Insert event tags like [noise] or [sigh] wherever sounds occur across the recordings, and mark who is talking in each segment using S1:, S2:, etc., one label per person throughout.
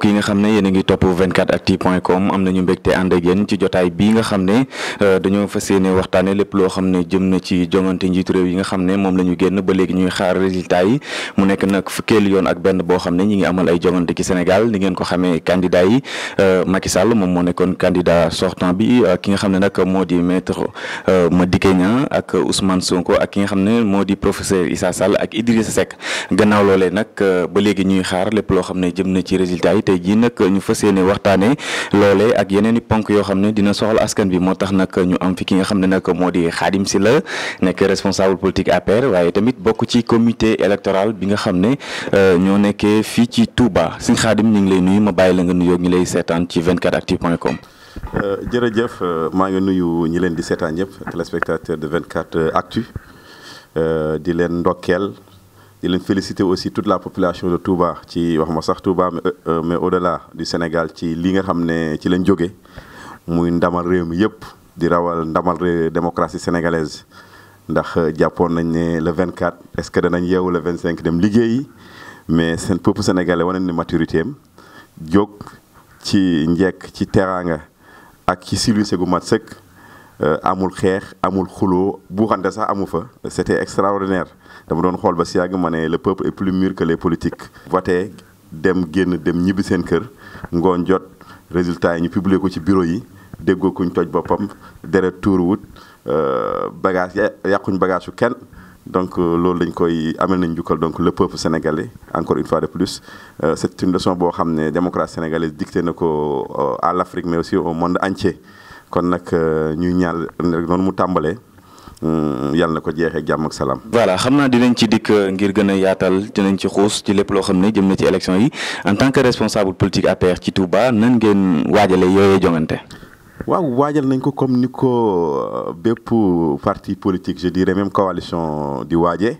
S1: mbokk nga xam ne yéen a ngi topp 24actu point com am nañu mbégte ànd ak yéen ci jotaay bii nga xam ne euh, dañoo fas yéene waxtaanee lépp loo xam ne jëm na ci jongante njiitu réew yi nga xam ne moom la ñu génn ba léegi ñuy xaar résultat mu nekk nag fukkeelu yoon ak benn boo xam ne ñi ngi amal ay jongante ci Sénégal ni ngeen ko xamee candidat yi euh, Sall moom moo nekkoon candidat sortant bi euh, ki nga xam ne nag moo di maître Madické Niang ak Ousmane Sonko ak ki nga xam ne moo di professeur Issa Sall ak Idrissa Seck gannaaw nag ba léegi ñuy xaar lépp loo xam ne jëm na ci résultat yi tey jii nag ñu fas yéene waxtaanee loolee ak yeneen i ponk yoo xam ne dina soxal askan bi moo tax nag ñu am fi ki nga xam ne nag moo di xaadim si la nekk responsable politique APR waaye tamit bokk ci comité électoral bi nga xam ne euh, ñoo nekkee fii ci Touba sëñ Khadim ñu ngi lay nuyu ma bàyyi la nga nuyoo ñu lay seetaan ci
S2: 24actu.com. Euh, jërëjëf euh, maa ngi nuyu ñi leen di seetaan ñëpp téléspectateur de 24actu di leen ndokkeel. ci leen féliciter aussi toute la population de Touba ci wax ma sax Touba mais euh, au la du Sénégal ci li nga xam ne ci lañ jóge muy ndamal réew mi yëpp di rawal ndamal réew démocratie sénégalaise ndax euh, jàppoon nañ ne le 24 est-ce que danañ yeewu le cinq dem liggéeyi mais seen peuple sénégalais wane ni maturité am jóg ci njekk ci teraanga ak ci silwise gu mat sëkk euh, amul xeex amul xuloo buuxante sax amu fa c'était extraordinaire dama doon xool ba si yàgg ma ne le peuple est plus mûr que les politiques voté dem génn dem ñibbi seen kër ngoon jot résultat yi ñu publier ko ci bureau yi déggoo kuñ toj boppam deret tuuruwut euh, bagage yàquñ bagage su kenn donc euh, loolu dañ koy amel nañ njukkal donc le peuple sénégalais encore une fois de plus euh, c'est une leçon boo xam ne démocratie sénégalaise dicté na ko à l'Afrique mais aussi au monde entier kon nag ñuy ñaar noonu mu tàmbalee Euh, yàlla na ko jeexee jàmm ak salaam. voilà xam
S1: naa dinañ ci dikk euh, ngir gën a yaatal nañ ci xuus ci lépp loo xam ne jëm na ci élection yi en tant que responsable politique APR ci Touba nan ngeen
S2: waajale yooyee jongante. waaw waajal nañ ko comme ni ko euh, bépp parti politique je dirais même coalition di waaje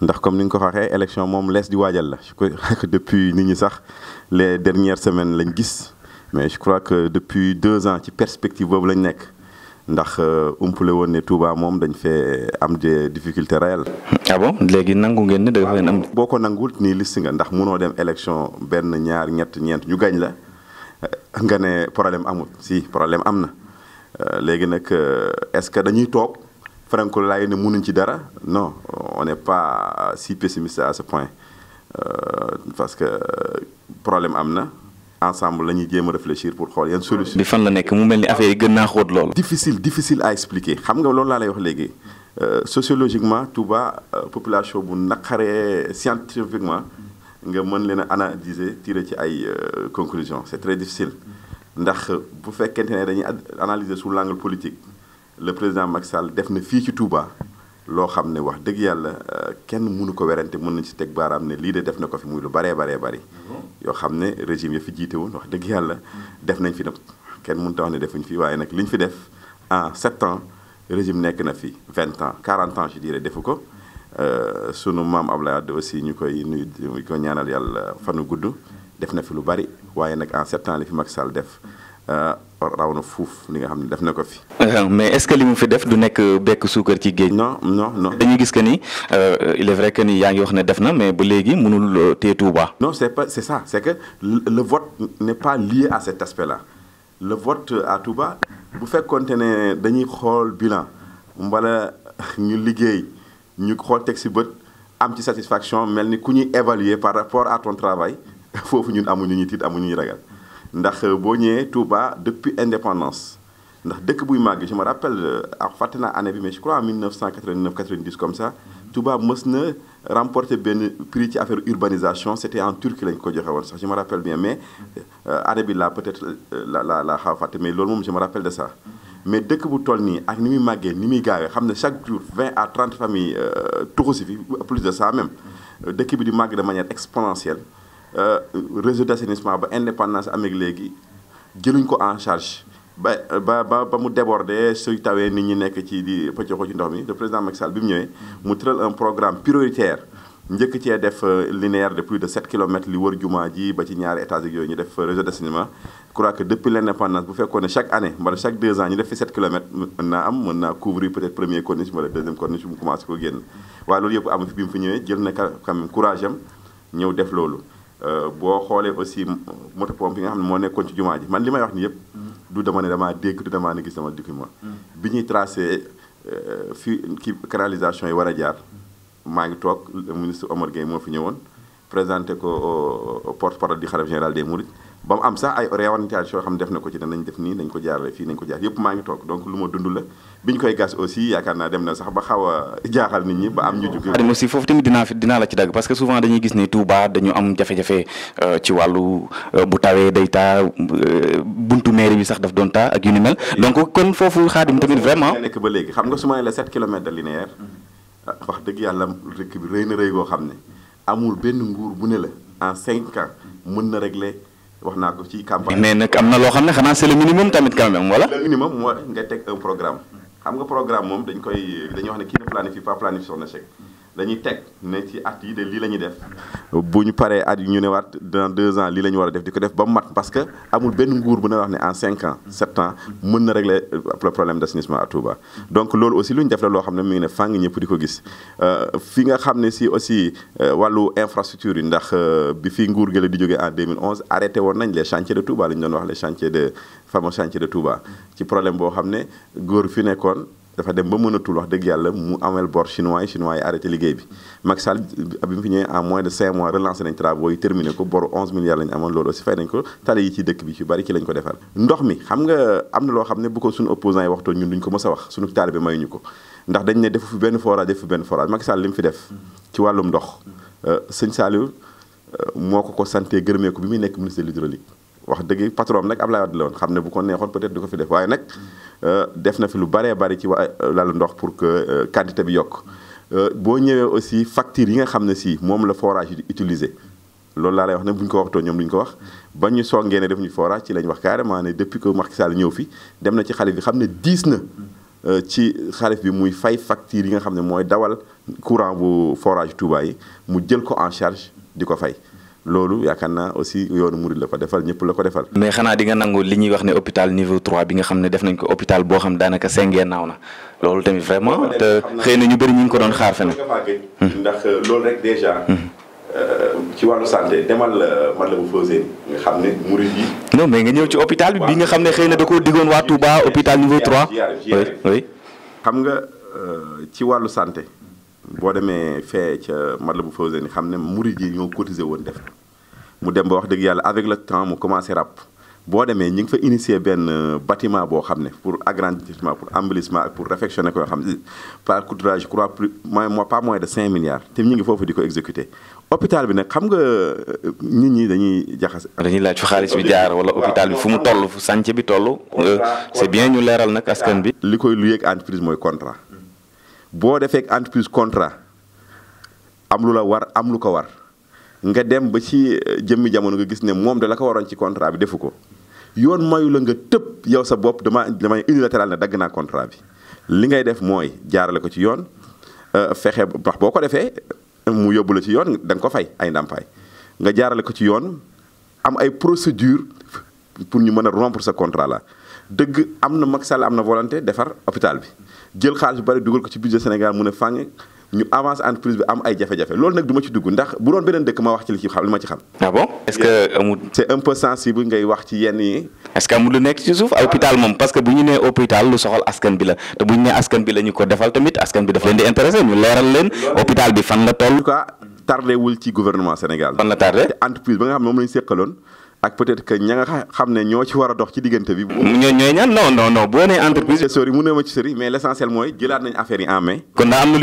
S2: ndax comme ni nga ko waxee élection moom lees di waajal la je crois [laughs] que depuis nit ñi sax les dernières semaines lañ gis mais je crois que depuis deux ans ci perspective boobu lañ nekk. ndax euh, umpule woon ne Touba moom dañ fee am des difficultés réelles. ah bon léegi nangu ngeen ne da ngeen am. boo ko nanguwul nii liste nga ndax munoo dem élection benn ñaar ñett ñeent ñu gañ la euh, nga ne problème amul si problème am na euh, léegi nag est-ce que dañuy toog franco laay ne munuñ ci dara non on n'est pas si pessimiste à ce point parce que problème am na. ensemble la ñuy jéem a réfléchir pour xool yan solution bi fan la nekk mu mel ni affaire yi gën naa xóot lool. difficile difficile à expliquer xam nga loolu laa lay wax léegi euh, sociologiquement Touba euh, population bu naqaree scientifiquement nga mën leen a analyser tirer ci ay euh, conclusion c'est très difficile ndax bu fekkente ne dañuy analyser sous l'angle politique le président Macky Sall def na fii ci Touba loo xam ne wax dëgg yàlla kenn mënu ko werante mën nañ ci teg baaraam ne lii de def na ko fi muy lu baree baree bari yoo xam ne régime ya fi jiite woon wax dëgg yàlla def nañ fi nag kenn mun a wax ne defuñ fi waaye nag li ñu fi def en sept ans régime nekk na fi vingt ans quarante ans je dirais defu ko euh, sunu maam Abdoulaye Wade aussi ñu koy nuyu ñu ko ñaanal yàlla fanu gudd def na fi lu bari waaye nag en sept ans li fi mag Sall def euh, raw na fuuf li nga xam ne def na ko fi.
S1: Euh, mais est-ce que li mu fi def du nekk bekk suukar ci géej. non non non dañuy gis que ni euh, il est vrai que ni yaa ngi wax ne def na mais ba léegi mënul euh, téye Touba.
S2: non c'est pas c'est ça c'est que le vote ne pas lié à cet aspect la le vote à Touba bu fekkoonte ne dañuy xool bilan wala ñu liggéey ñu xool teg si bët am ci satisfaction mel ni ku ñuy évaluer par rapport à ton travail [laughs] foofu ñun amuñu ñu tiit amuñu ñu ragal. ndax euh, boo ñëwee Touba depuis indépendance ndax dëkk buy màgg je me rappelle euh, ah fàtte naa année bi mais je crois en 1989 90 comme ça Touba mës na remporter benn prix ci affaire urbanisation c' était en Turquie lañ ko joxe woon sax je me rappelle bien mais euh, année bi laa peut être la la la xaw fàtte mais loolu moom je me rappelle de ça. mais dëkk bu toll nii ak ni muy màggee ni muy gaawee xam ne chaque jour 20 à trente famille tuxu si fi plus de ça même dëkk bi di màgg de manière exponentielle. Euh, réseau d' assainissement ba indépendance amee léegi jëluñ ko en charge ba ba ba mu débordé suy tawee nit ñi nekk ci di pëccoo ci ndox mi le président Macky Sall bi mu ñëwee mu tëral un programme prioritaire njëkk cee def euh, linéaire de plus de 7 kilomètres li wër jumaa ji ba ci ñaari étages ak yooyu ñu def euh, réseau d' assainissement je crois que depuis l' indépendance bu fekkoon ne chaque année wala chaque deux ans ñu def fi 7 kilomètres naa am mën naa couvrir def loolu Euh, boo xoolee aussi euh, moto pompe yi nga xam ne moo nekkoon ci jumaa ji man li may wax ni yëpp du dama ne damaa dégg du damaa ne gis dama document mm. bi ñuy tracé euh, fi ki canalisation yi war a jaar maa ngi toog ministre Omar Gueye moo fi ñëwoon présenté ko porte-parole du khalife général des mourides ba mu am sax ay orientation yoo xam ne def na ko ci danañ def nii nañ ko jaarale fii nañ ko jaar yëpp maa ngi toog donc bi ñu koy gas aussi yaakaar naa dem na sax ba xaw a jaaxal nit ñi ba am ñu jug
S1: foofu tamit dinaa fi dinaa la ci dagg parce que souvent dañuy gis ne Touba dañu am jafe-jafe euh, ci wàllu euh, bu tawee day taa euh, buntu mairie bi sax daf doon taa ak yu ni mel donc kon foofu Xaadim tamit vraiment
S2: nekk ba léegi xam nga su la 7 kilomètres de linéaire ah, wax dëgg yàlla dëkk bi rëy na rëy goo xam ne amul benn nguur bu ne la en cinq mën na régler wax naa ko ci campagne. mais nag am na loo xam ne xanaa c'est minimum
S1: tamit quand même voilà.
S2: minimum mooy nga teg un programme. xam nga programme moom dañ koy dañuy wax ne kii ne planifie pas planifie son échec. dañuy teg ne ci at yi de lii la ñuy def bu ñu paree at yi ñu ne waat dans deux ans lii la ñu war a def di ko def ba mu mat parce que amul benn nguur bu na wax ne en cinq ans sept mën na régler le problème d'assainissement à Touba. donc loolu aussi lu ñu def la loo xam ne mu ngi ne fàng ñëpp di ko gis euh, fi nga xam ne si aussi euh, wàllu infrastructure yi ndax euh, bi fi nguur gi la di jógee en 2011 arrêté woon nañ les chantiers de Touba li doon wax les chantiers de fameux chantiers de ci problème boo xam ne góor fi nekkoon. dafa dem ba mënatul wax dëgg yàlla mu amel bor chinois yi chinois yi arrêté liggéey bi Macky Sall bi mu fi ñëwee en moins de 5 mois relancé nañ travaux yi terminé ko boru 11 milliards lañ amoon loolu aussi fay nañ ko tali yi ci dëkk bi ci bari ci lañ ko defar ndox mi xam nga am na loo xam ne bu ko suñu opposants yi waxtoon ñun duñ ko mës a wax suñu taalibe mayuñu ko ndax dañ ne defu fi benn forage defu fi benn forage Macky Sall li mu fi def ci wàllum ndox euh, sëñ Saliou euh, moo ko ko santé gërëmee ko bi muy nekk ministre de l'hydraulique wax dëgg patron bi nag Ablaye Wade la woon xam ne bu ko neexoon peut-être du ko fi def waaye nag euh, def na fi lu baree bari ci waa euh, lalu ndox pour que euh, quantité bi yokk boo ñëwee aussi facture yi nga xam ne si moom la forage yi di utiliser loolu laa lay wax ne bu ñu ko waxtoo ñoom du ñu ko wax ba ñu songee ne def ñu forage ci lañ wax carrément ne depuis que Macky Sall ñëw fi dem na ci xalif bi xam ne diis na ci xalif bi muy fay facture yi nga xam ne mooy dawal courant bu forage Touba yi mu jël ko en di ko fay loolu yaakaar naa aussi yoonu murid la ko defal ñëpp la ko defal. mais
S1: xanaa di nga nangu li ñuy wax ne hôpital niveau 3 bi nga xam ne def nañ ko hôpital boo xam daanaka sengee naaw na loolu tamit vraiment xëy na ñu bëri ñu ko doon xaar feneen. Hmm.
S2: ndax euh, loolu rek déjà. Hmm. Euh, ci wàllu santé demal euh, nga ñëw ci hôpital
S1: bi nga xam ne xëy na da koo diggoon waa Touba hôpital niveau 3. oui
S2: oui. xam nga ci wàllu santé. boo demee fee ca Matlaboul ni xam ne mu yi ñoo cotisé woon def mu dem ba wax dëgg yàlla avec le temps mu commencé rap boo demee ñu ngi fa initier benn euh, bâtiment boo xam ne pour agrandissement pour embellissement ak pour réfectionner ko yoo xam ne par coût je crois plus moins pas moins de 5 ngi foofu di ko exécuter hôpital xam nga euh, nit ñi dañuy jaxase. dañuy laaj fi xaalis bi jaar wala hôpital bi fu mu toll fu sànc bi toll. Euh, c'est bien ñu leeral nag askan bi. li koy lu yëg entreprise mooy contrat. boo defee entreprise contrat am lu la war am lu ko war nga dem ba ci euh, jëmmi jamono nga gis ne moom de la ko waroon ci contrat bi defu ko yoon mayu la nga tëb yow sa bopp dama dama unilatéral ne dagg naa contrat bi li ngay def mooy jaarale ko ci yoon euh, fexe wax boo ko defee mu yóbbu la ci yoon da nga ko fay ay ndàmpaay nga jaarale ko ci yoon am ay procédure pour ñu mën a rompre sa contrat la dëgg am na max Sall am na volonté defar hôpital bi jël xaalis bu bari dugal ko ci budget Sénégal mu ne fànge ñu avance entreprise bi am ay jafe-jafe loolu nag du ma ci dugg ndax bu doon beneen dëkk ma wax ci li ci xam li ma ci xam. Ah ci yenn yi. est que amul lu nekk ci suuf hôpital moom parce que bu ñu nee hôpital lu soxal askan bi la te bu ñu nee askan bi la ñu ko defal tamit askan bi daf leen di intéressé ñu leeral leen hôpital bi fan la toll. en tout cas tardé wul ci gouvernement Sénégal. fan la tardé te entreprise ba nga xam ne moom la ñu ak peut-être que ña nga xam ne ñoo ci war a dox ci diggante bi. ñoo ñooy ñaan non non non boo nee entreprise. sori mu ne ma ci sori mais l'essentiel mooy jëlaat nañ affaire yi en main. kon daa am na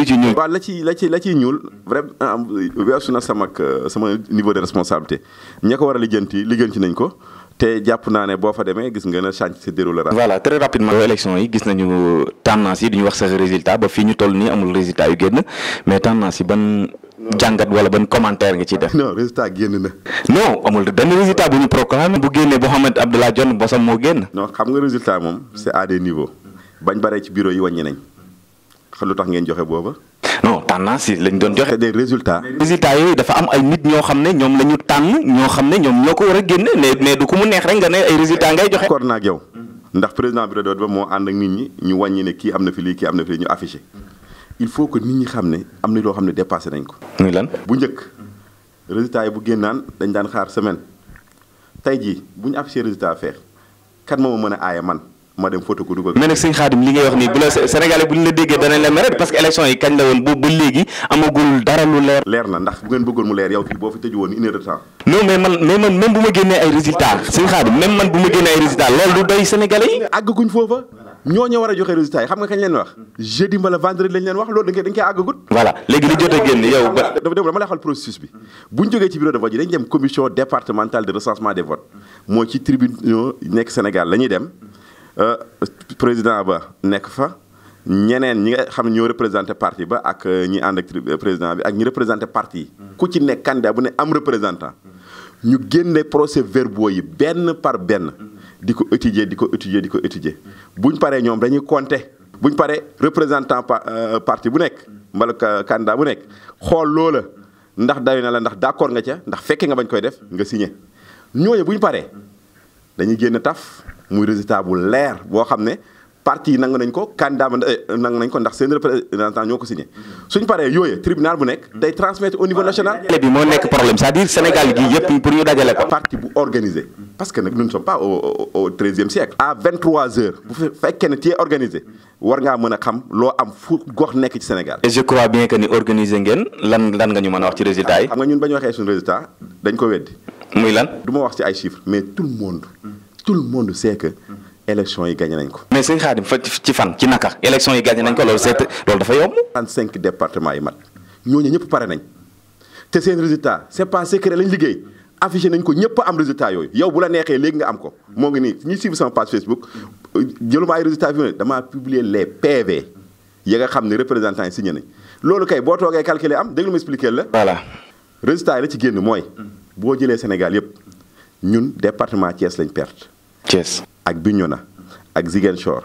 S2: lu nañ ko. te jàpp naa ne boo fa demee gis nga ne change se déroule la. voilà
S1: très rapidement élection yi gis nañu tendance yi du wax sax résultat ba fii ñu toll nii amul résultat yu génn mais tendance yi ban jàngat wala ban commentaire nga ciy def.
S2: no résultat génn na. non amul benn résultat bu ñu proclamé. bu génnee Mouhamed Abdallah Dionne bosam moo génn. non xam nga résultat moom c'est à des bañ baree ci bureau yi wàññi nañ xam lu tax ngeen joxe booba. non tendance yi lañ doon joxe. des résultats.
S1: résultats yooyu dafa am ay nit ñoo xam ne ñoom la ñu tànn ñoo xam ne ñoom ñoo ko war a génne mais du ku mu neex rek nga ne ay résultats ngay joxe. d'accord
S2: naa ak yow ndax président bureau ba moo ànd ak nit ñi ñu wàññi ne kii am na fi lii kii am na fi lii ñu affiché. il faut que nit ñi xam ne am na loo xam ne dépassé nañ ko. muy lan bu njëkk résultat yi bu génnaan dañ daan xaar semaine tey jii bu ñu affiché résultat feex kan moo ma mën a aaye man ma dem photo ko dugal. mais nag sëñ Xaadim li ngay wax nii bu la [laughs] Sénégalais bu ñu la déggee danañ la mere parce que yi kañ la woon ba ba léegi amagul dara lu leer. leer na ndax bu ngeen bëggoon mu leer yow fii boo fi tëju woon une de temps. non mais man mais man ñoo ñoo war a joxe résultat yi xam nga kañ leen wax jeudi mbala vendredi lañ leen wax loolu dañ koy dañ koy àggagut léegi li jot a génn yow ba dama lay xal processus bi bu ñu jógee ci bureau de vote yi dañ dem commission départementale de recensement des votes ci tribunaux nekk Sénégal la ñuy dem euh, président ba nekk fa ñeneen ñi nga xam ne ñoo représenté parti ba ak euh, ñi ànd ak euh, président bi ak ñi représenté parti ku ci nekk candidat bu ne am représentant ñu génne procès verbaux yi benn par benn di ko étudier di ko étudier di ko étudier buñ paree ñoom dañuy compter buñ paree représentant euh, parti bu nekk mbala candidat bu nekk xool loola ndax dayu na la ndax d'accord nga ca ndax fekkee nga bañ koy def nga signé ñooñu buñ paree dañuy génn taf muy résultat bu leer boo xam ne. parti yi nangu nañ ko candidat ba eh, nangu nañ ko ndax seen représentant ñoo ko signé suñ paree yooyee tribunal bu nekk day transmettre au niveau national. bi moo nekk problème c'est-à-dire Sénégal gi yëpp pour ñu dajale ko. parti bu organisé parce que nag nous ne sommes pas siècle. à vingt trois heures bu fekkee ne cee organisé war ngaa mën a xam loo am fu gox nekk ci Sénégal. et je crois bien que ni organisé ngeen lan lan nga ñu mën a wax ci résultat yi. xam nga ñun ba ñu waxee suñu résultat dañ ko weddi. muy lan. du ma wax ci ay chiffres mais tout le monde. élection yi gagné nañ ko. mais sëñ Khadim fa ci fan ci naka élection yi gagné nañ ko loolu c'est loolu dafa yomb. 35 départements yi mat ñooñu ñëpp pare nañ te seen résultat c'est pas secret lañ liggéey affiché nañ ko ñëpp am résultat yooyu yow bu la neexee léegi nga am ko moo ngi nii ñuy suivre sama page Facebook jëluma ay résultat fi damaa publier les PV yi nga xam ne représentant yi signé nañ loolu kay boo toogee calculer am déglu ma expliquer la. voilà résultat yi la ci génn mooy. boo jëlee Sénégal yëpp ñun département Thiès lañ perte. ak Bignona ak jigéen Ziguinchor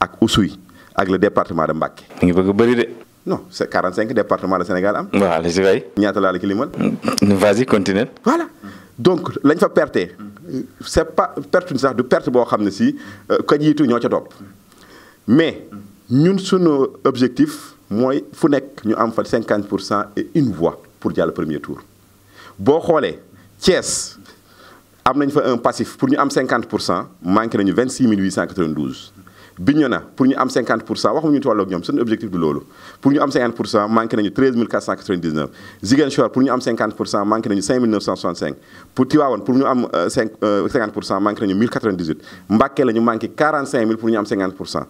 S2: ak Oussouye ak le département de Mbacké. mi ngi bëgg bëri de. non c'est 45 département de Sénégal am. waaw li si waay. ñaata laa la ci limal. vas-y continue. donc lañ fa perte. c'est pas perte sax du perte boo xam ne si euh, ka jiitu ñoo ca topp mais ñun sunu objectif mooy fu nekk ñu am fa 50 pour cent et une voix pour jàll premier tour boo xoolee Thiès. am nañ fa un passif pour ñu am 50 pour cent manqué nañu 26 892 Bignona pour ñu am 50 pour cent waxuñu tolloog ñoom seen objectif du loolu pour ñu am 50 nañu pour ñu pour ñu am 5 nañu 1098 Mbacké la pour ñu am 50 euh, euh, pour cent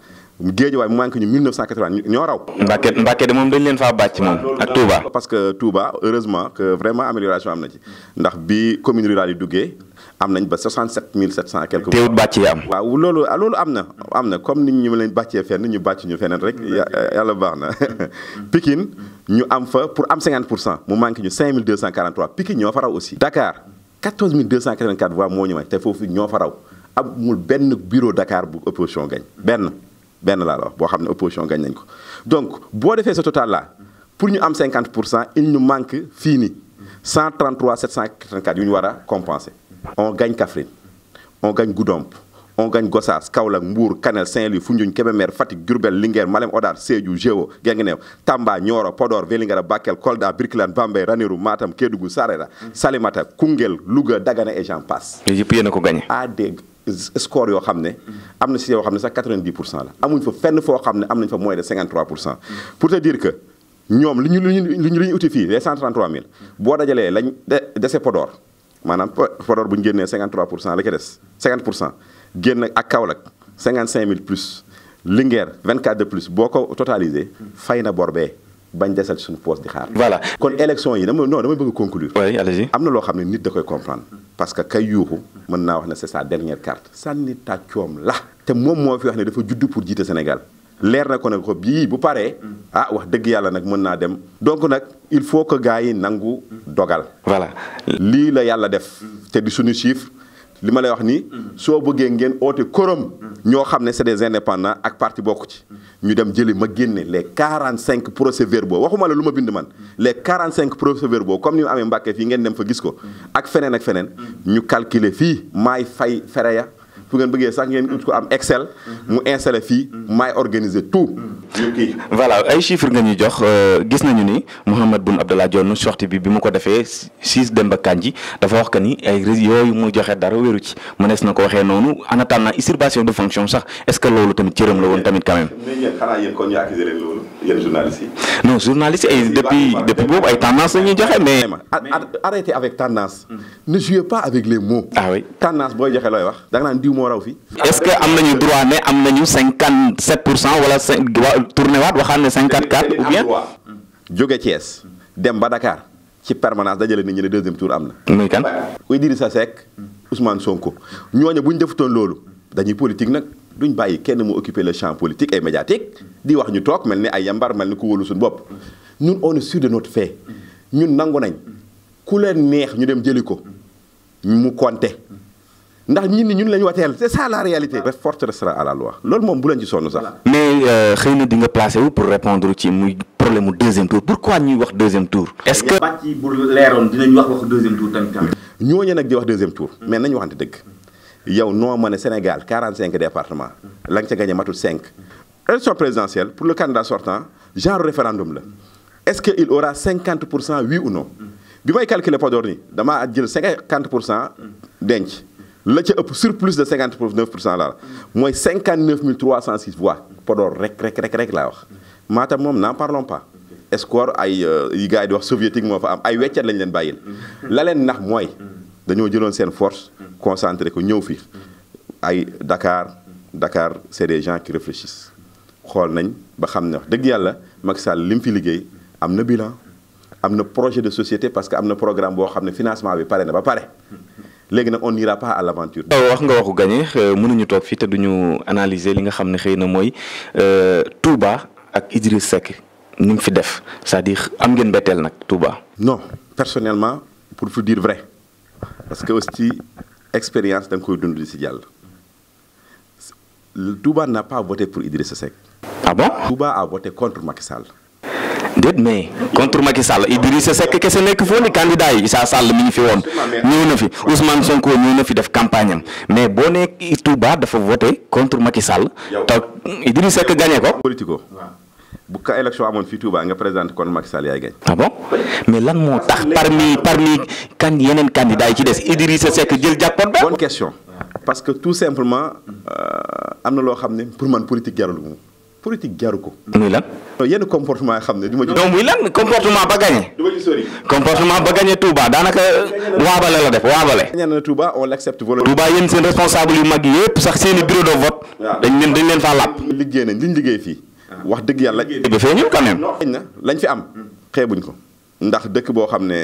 S2: ñu ñoo raw. Mbacké de moom dañ leen faa bàcc moom ak Touba. parce que Touba heureusement que vraiment amélioration am na ci ndax bi commune rurale yi duggee. am nañ ba 67 700 quelque. teewut bàcc yi am. waaw loolu ah, loolu am na am na comme nit ñi ma leen bàccee fenn ñu bàcc ñu feneen rek eh, yàlla baax na. [laughs] Pikine ñu am fa pour am 50 pour cent mu manqué ñu 5243 Pikine ñoo fa raw aussi. Dakar 14284 voix moo ñu may te foofu ñoo fa raw amul benn bureau Dakar bu opposition gañ benn benn laa la wax boo xam ne opposition gañ nañ ko donc boo defee ce total là pour ñu am 50 pour cent il ñu manque fii nii 133 784 yu ñu war a compenser. on gagne Kaffrine on gagne Goudomp on gagne Gossas Kaolack mbuur Kanel Saint-Louis Foundiougne Kébémer Fatick Diourbel Linguère Malem Odar Sédhiou Géo Guinguinéo Tamba Nioro Podor Vélingara Bakel Kolda Birkelane Bambey Ranérou Matam Kédougou Sarera Salémata Koungheul Louga Dagana et j'en passe. yooyu yëpp yéen a ko gagné. à des scores yoo xam ne. am na si yoo xam ne sax 90 pour cent la amuñ fa fenn foo xam ne am nañ fa moins de 53 pour cent. pour te dire que ñoom li ñu li ñu li ñu uti fii les 133 000. boo dajalee lañ dese Podor. maanaam Podor bu ñu génnee 53 pour cent la ca des 50 pour cent génn ak Kaolack 55000 plus Linguère 24 de plus boo ko totalisé fay na bor bee bañ desal suñu poste di xaar. voilà kon élection yi dama non damay bëgg conclure. oui allez-y am na loo xam ne nit da koy comprendre. parce que kay yuuxu mën naa wax ne c'est sa dernière carte. sànni tàccoom la. te moom moo fi wax ne dafa juddu pour jiite Sénégal. leer na ko nag ko bii bu paree mm. ah wax dëgg yàlla nag mën naa dem donc nag il faut que gars yi nangu dogal voilà lii la yàlla def mm. te di suñu chiffre li ma lay wax ni mm. soo bëggee ngeen oote korom ñoo xam ne c'est des indépendants ak parti bokk ci ñu dem jëli ma génne les quarante cinq procès verbaux waxuma la lu ma bind man les quarante cinq procès verbaux comme ni mu amee Mbàkke fii ngeen dem fa gis ko ak feneen ak feneen ñu calculer fii maay fay fereya su ngeen bëggee sax ngeen ut ko am Excel. mu installé fii maay organiser tout. kii voilà
S1: ay chiffres nga ñuy jox euh, gis nañu ni Mouhamed Boun Abdallah Dionne sortie bi bi mu ko defee siis Demba kànji dafa wax que ni ay yooyu mu joxe dara wéru ci mënees na ko waxee noonu en attendant usurpation de fonction sax est-ce que loolu tamit cëram la woon tamit quand même.
S2: mais yéen xanaa yéen kon yi. ay depuis depuis boobu ay tendance la ñuy joxe mais. arrêtez avec tendance. Mm. ne jouez pas avec les mots. ah oui booy joxe looy wax moo raw fii. est-ce que am nañu droit ne am ñu cinquante sept pour cent wala cinq tourné waat waxaan ne cinquante quatre ou bien. jóge Thiès dem ba Dakar ci permanence dajale nit ñi ne deuxième tour am na. muy kan. sa Seck Ousmane Sonko ñooñu bu ñu defutoon loolu dañuy politique nag. duñ bàyyi kenn mu occuper le champ politique et médiatique di wax ñu toog mel ni ay yambar mel ni ku wolu suñu bopp ñun on est sûr de notre ñun nangu nañ ku leen neex ñu dem jëli ko mu ndax ñun ñun la ñu wateel c'est ça la réalité. la forteresse sera à la loi loolu moom bu leen ci sonn sax.
S1: mais euh, xëy na di nga placé wu pour répondre
S2: ci muy problème mu deuxième tour pourquoi ñuy wax deuxième tour. est-ce que bàcc yi bu leeroon wax wax deuxième tour tamit. nag di wax deuxième tour. mais nañu waxante dëgg. yow noo ma ne Sénégal 45 départements. la nga ca gagné matul 5. élection présidentielle pour le candidat sortant genre référendum la. est-ce que il aura 50 pour cent oui ou non. bi may calculer Podor nii damaa jël 50 pour cent denc. la ca ëpp surplus de 59 pour cent laa mooy 59 306 voix Podor rek rek rek rek laa wax Matam moom n'en parlons pas escore ay euh, yi yi wax soviétique moo fa am ay weccet lañ leen bàyyil la leen nax mooy dañoo jëloon seen force concentré ko ñëw fii ay dakaar dakaar c'est des gens qui réfléchissent xool nañ ba xam ne wax dëgg yàlla Macky Sall li mu fi liggéey am na bilan am na projet de société parce que am na programme boo xam ne financement bi pare na ba pare léegi nag on n'ira pas à l'aventure. Euh, wax nga waxu gagné euh, mënuñu
S1: toog fii te duñu analyser li nga xam ne xëy na mooy euh, Touba ak Idriss Seck
S2: ni mu fi def cest à am ngeen mbetteel nag Touba. non personnellement pour vous dire vrai parce que aussi expérience da koy dund si jàll. Touba n'a pas voté pour Idriss Seck. ah bon. Touba a contre Macky déet mais contre Macky Sall Idrissa Seck kese nekk foo ni candidat yi Issa Sall
S1: mi ngi fi woon ñëw fi Ousmane Sonko ñëw fi def campagne am mais boo nekk Touba dafa voté contre Macky Sall te
S2: Idrissa Seck gagné ko. politico bu ka élection amoon fii Touba nga présenté kon Macky Sall yaay gañ. ah bon
S1: mais lan moo tax
S2: parmi parmi kan yeneen candidat yi ci des Idrissa Seck jël jàppoon ba. bonne question parce que tout simplement euh, am na loo xam ne pour man politique jarul moom. politique jaru ko. muy lan. comportement xam ne du ma. donc muy lan comportement ba gagné. du ma ci sori. comportement ba gagné Touba daanaka waabale la def waabale. ñaan na seen responsable yu mag yëpp sax seen i bureau de vote. dañ leen dañ leen faa lapp. liggéey nañ liñ liggéey fii. Ah. wax dëgg yàlla. liggéey bi feeñul quand même. lañ fi am hmm. xeebuñ ko. ndax dëkk boo xam ne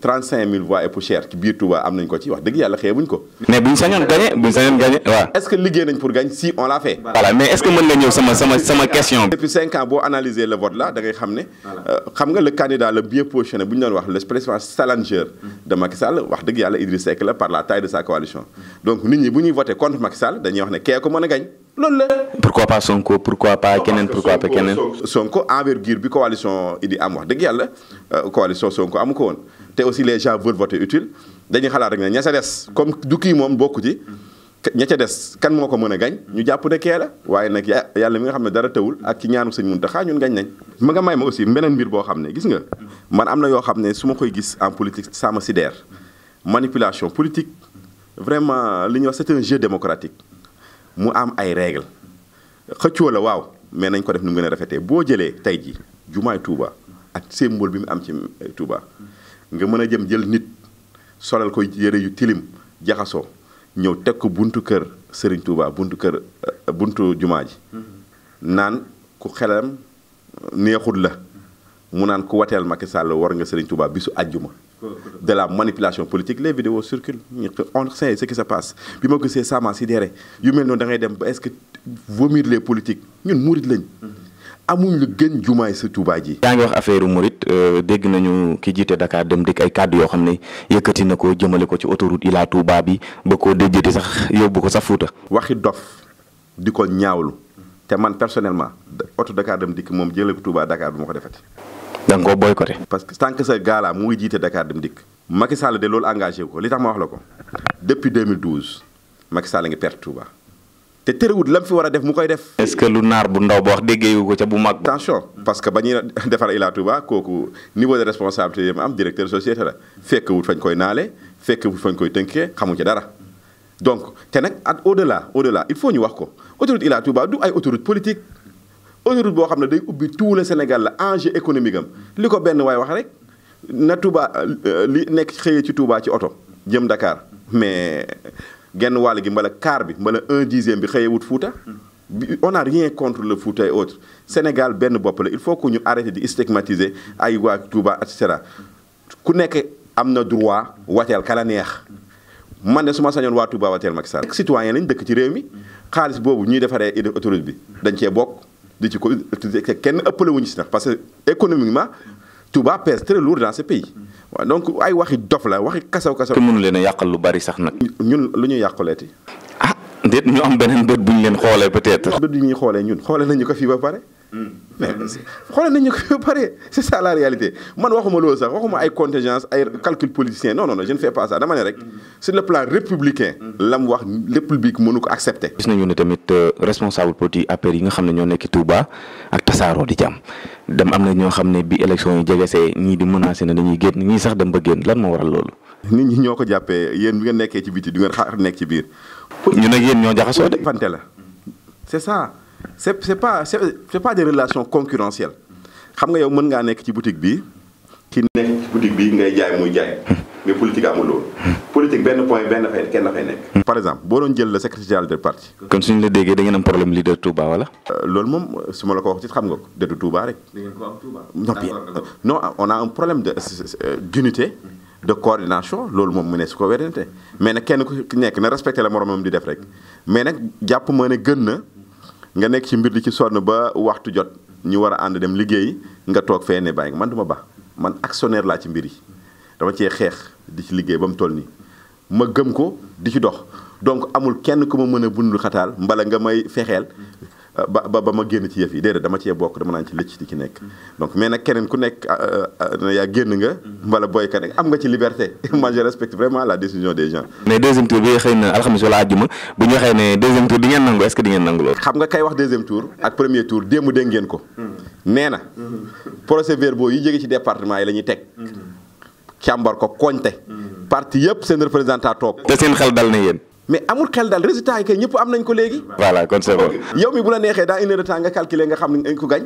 S2: 35000 euh, voix et poussière ci biir Touba am nañ ko ci wax dëgg yàlla xeebuñ ko. mais buñ sañoon gagné buñ sañoon gagné waaw. est ce que liggéey nañ pour gañ si on l'a fait. voilà mais est ce que mën nga ñëw sama sama sama question. depuis 5 ans boo analyser le vote là da ngay xam ne. Euh, xam nga le candidat le mieux positionné bu ñu doon wax le principal challenger de Macky Sall wax dëgg yàlla Idriss Seck la par la taille de sa coalition. donc nit ñi bu ñuy voté contre Macky Sall dañuy wax ne kee ko mën a gañ. loolu la. pourquoi pas Sonko pourquoi pas keneen pourquoi pas keneen. Sonko envergure bi coalition Idy am wax dëgg yàlla euh, coalition Sonko amu ko woon te aussi les gens veulent voter dañuy xalaat rek ne ña ca des comme du kii moom bokku ci. ña ca des kan moo ko mën a gañ ñu jàpp ne kee la waaye nag yàlla mi nga xam ne dara tawul ak ci ñaanu sëñ Mountakha ñun gañ nañ ma nga may ma aussi beneen mbir boo xam ne gis nga man am na yoo xam ne su ma koy gis en politique sama sidère manipulation politique vraiment li ñuy wax c'est un jeu mu am ay règle xëccoo la waaw mais nañ ko def nu mu a rafetee boo jëlee tey ji jumaay Touba ak symbole bi mu am ci eh, Touba nga mën a jëm jël nit solal ko yëre yu tilim jaxasoo ñëw teg ko buntu kër sëriñ Touba buntu kër eh, buntu jumaa ji mm-hmm. naan ku xelam neexut la mu naan ku wateel Macky Sall war nga Serigne Touba bisu àjjuma de la manipulation politique les vidéos circulent on sait ce qui se passe bi ma gisee ça m'a sidéré yu mel noonu da ngay dem ba est-ce que vomir les politique ñun murit lañ amuñ lu gën jumaay sa Tuubaa ji
S1: yaa ngi wax affaire murit euh, dégg nañu ki jiite Dakar dem dikk ay kàddu yoo xam ne
S2: yëkkati na ko jëmale ko ci autoroute Ila Touba bi ba koo déjjati sax yóbbu ko sax Fuuta waxi dof di ko ñaawlu te man personnellement oto Dakar dem dikk moom jëlee ko Touba Dakar du da nga koo boycotté. parce que tant que sa gaala mu ngi jiite Dakar dem dikk Macky Sall de loolu engagé ko li tax ma wax la ko depuis 2012 Macky Sall ngi perte Touba te terewut lam fi war a def mu koy def. est-ce que lu naar bu ndaw ba wax déggee ko ca bu mag. attention parce que ba ñuy [laughs] defar Ila Touba kooku niveau de responsabilité yi ma am directeur société la fekk wut fañ koy naale fekk wut fañ koy tënkee xamu ci dara. donc te nag at au delà au delà il faut ñu wax ko autoroute Ila Touba du ay autoroute politique. autoroute boo xam ne day ubbi tout le Sénégal la enjeu économique li ko benn waay wax rek na Touba euh, li nekk xëyee ci Touba ci oto jëm ndakaar mais genn wàll gi mbala quart bi mbala un dixième bi xëyee wut fuuta on a rien contre le Fouta et autres Sénégal benn bopp la il faut que ñu arrêté di stigmatiser ay waa Touba et cetera ku nekk am na droit wateel kala neex. man de su ma sañoon waa Touba wateel Macky Sall. citoyen lañ dëkk ci réew mi xaalis boobu ñuy defaree autoroute bi dañ cee bokk. di ci ko kenn ëppale wuñu si nag parce que économiquement Touba pèse très lourd dans ce pays. waaw donc ay waxi dof la waxi kasaw kasaw. te mënu leen a lu bari sax nag. ñun lu ñuy yàquleeti. ah déet ñu am beneen bët bu ñu leen xoolee peut-être. bët bu ñuy xoolee ñun xoolee nañu ko fii ba pare. Hmm. mais xoolal nit ñi ko pare c'est ça la réalité man waxuma loolu sax waxuma ay contingence ay calcul politicien non non non je ne fais pas ça dama ne rek sur le plan républicain lam wax république mënu ko accepter
S1: gis nañu ne tamit euh, responsable politique APR yi nga xam ne ñoo nekk Touba ak tasaaroo di ci am
S2: dem am na ñoo xam ne bi élection yi jegesee ñii di menacé ne dañuy génn ñii sax dem ba génn lan moo waral loolu nit ñi ñoo ko jàppee yéen bi ngeen nekkee ci biti du ngeen xaar nekk ci biir ñu nag yéen ñoo jaxasoo la c'est ça c'est c'est pas c'est c'est pas des relations concurrentielles xam nga yow mën ngaa nekk ci boutique bi ki nekk ci boutique bi ngay jaay muy jaay mais politique amul loolu. politique benn benn fay par exemple boo doon jël le secrétaire général de parti. kon suñu la déggee da ngeen am problème leader Touba wala. Euh, loolu moom su ma la ko wax ci xam nga ko dëddu Touba rek. da
S1: ko am Touba. noppi
S2: on a un problème de euh, d'unité. de coordination loolu moom mu ne su ko werante mais na kenn ku nekk na respecté la moromam di def rek mais nag jàpp ma ne gën na. nga nekk ci mbir di ci sonn ba waxtu jot ñu war a ànd dem liggéey nga toog fee ne bàyyi man du ma ba man actionnaire laa ci mbir yi dama cee xeex di ci liggéey ba mu toll nii ma gëm ko di ci dox donc amul kenn ku ma mën a bund xataal mbala nga may fexeel ba ba ba ma génn ci yëf yi déedéet dama cee bokk dama naan ci lëcc di ci nekk. donc mais keneen ku nekk euh, euh, yaa génn nga. Mm-hmm. mbala boykat rek am nga ci liberté [laughs] moi je respecte vraiment la décision des gens. mais deuxième tour bi xëy na alxames wala àjjuma bu ñu waxee ne deuxième tour di ngeen nangu est-ce que di ngeen nangu loolu. xam nga kay wax deuxième tour ak premier tour démb dégg ko. Mm-hmm. nee na mm-hmm. procès yi jóge ci département yi la ñuy teg. càmbar ko koñte. parti yëpp seen représentant toog. te seen xel dal na yéen. mais amul xel daal résultat yi kay ñëpp am nañ ko léegi. voilà kon c'est bon. yow mi bu la neexee daal une heure de temps nga calculer nga xam ne gañ.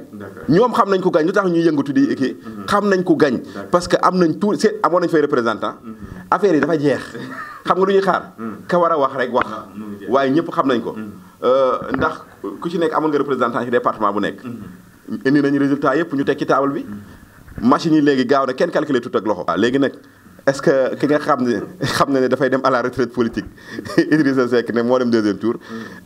S2: ñoom xam nañ ko gañ lu tax ñuy yëngatu di kii. Mhm. xam nañ ko gañ. parce que am nañ tout c'est amoon nañ fay représentant. Mhm. affaire yi dafa jeex. xam nga lu xaar. Mhm. ka a wax rek wax. Ah, waaye ñëpp xam nañ ko. Euh, ndax ku ci nekk amoon nga représentant ci département bu nekk. indi nañu résultat yëpp ñu teg ci table bi. machine yi léegi gaaw na kenn calculer tout ak loxo. waaw léegi nag. est-ce que ki nga xam ne xam na ne dafay dem à la retraite politique [laughs] Idrissa Seck ne moo dem deuxième tour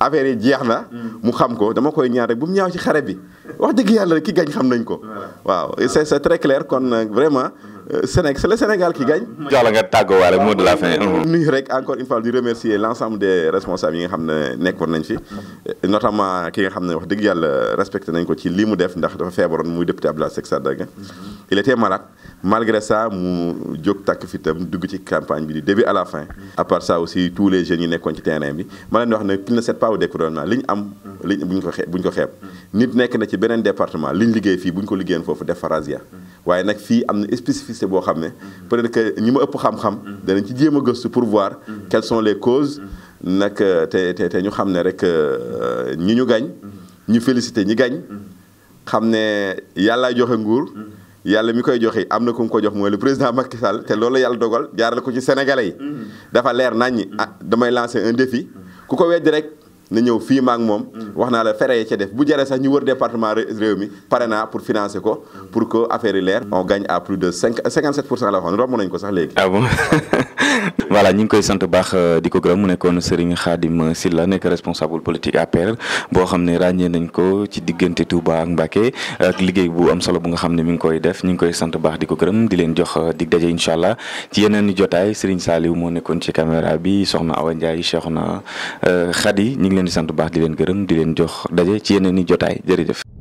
S2: affaire yi jeex na mu xam ko dama koy ñaan rek bu mu ñaaw ci xare bi wax dëgg yàlla ki gañ xam nañ ko waaw c'est c'est très clair kon vraiment euh, Sénégal c'est le Sénégal qui gagne. jox la nga tàgguwaale mot de la fin. Euh, mmh. nuyu rek encore une fois di remercier l'ensemble des responsables yi nga xam ne nekkoon nañ fi. Euh, notamment ki nga xam ne wax dëgg yàlla respecté nañ ko ci lii mu def ndax dafa feebaroon muy député Abdoulaye Seck Sadaga. Mmh. il était malade. malgré ça mu jóg takk fitam dugg ci campagne bi du début à la fin. à part aussi tous les jeunes yi nekkoon ci terrain bi ma leen wax ne qu'il ne cède pas au découragement li ñu am. li buñ ko xee nit nekk na ci beneen département liñ ñu liggéey fii bu ñu ko liggéeyoon foofu def farasia waaye nag fii am na spécificité boo xam ne. peut-être que ñi ma ëpp xam-xam. danañ ci jéem a gëstu pour voir. quelles sont les causes. nag te te te ñu xam ne rek euh, ñi ñu gañ. ñu félicité ñi gañ. xam ne yàlla joxe nguur. yàlla mi koy joxe am na ku mu ko jox mooy le président Macky Sall te loolu yàlla dogal jaarale ko ci sénégalais mm-hmm. dafa leer naññi ah damay lancer un défi. ku ko weddi rek na ñëw fii ma moom. Mm-hmm. wax naa la fere ya ca def bu jaree sax ñu wër département réew mi pare naa pour financer ko mm-hmm. pour que affaire yi leer. on gagne à plus de cinq cinquante sept pour cent la waxoon romb nañ ko sax léegi. ah [laughs]
S1: voilà ñu ngi koy sant baax euh, di ko gërëm mu nekkoon Serigne si la nekk responsable politique APR boo xam ne ràññee nañ ko ci diggante Touba ak Mbacké liggéey bu am solo bu nga xam ne mi ngi koy def ñu ngi koy sant baax di ko gërëm di leen jox euh, dig daje incha allah ci yeneen jotaay Serigne Saliou moo nekkoon ci caméra bi soxna Awa Ndiaye soxna euh, Khady ñu ngi leen di sant baax di leen gërëm di leen jox daje ci yeneen i jotaay jërëjëf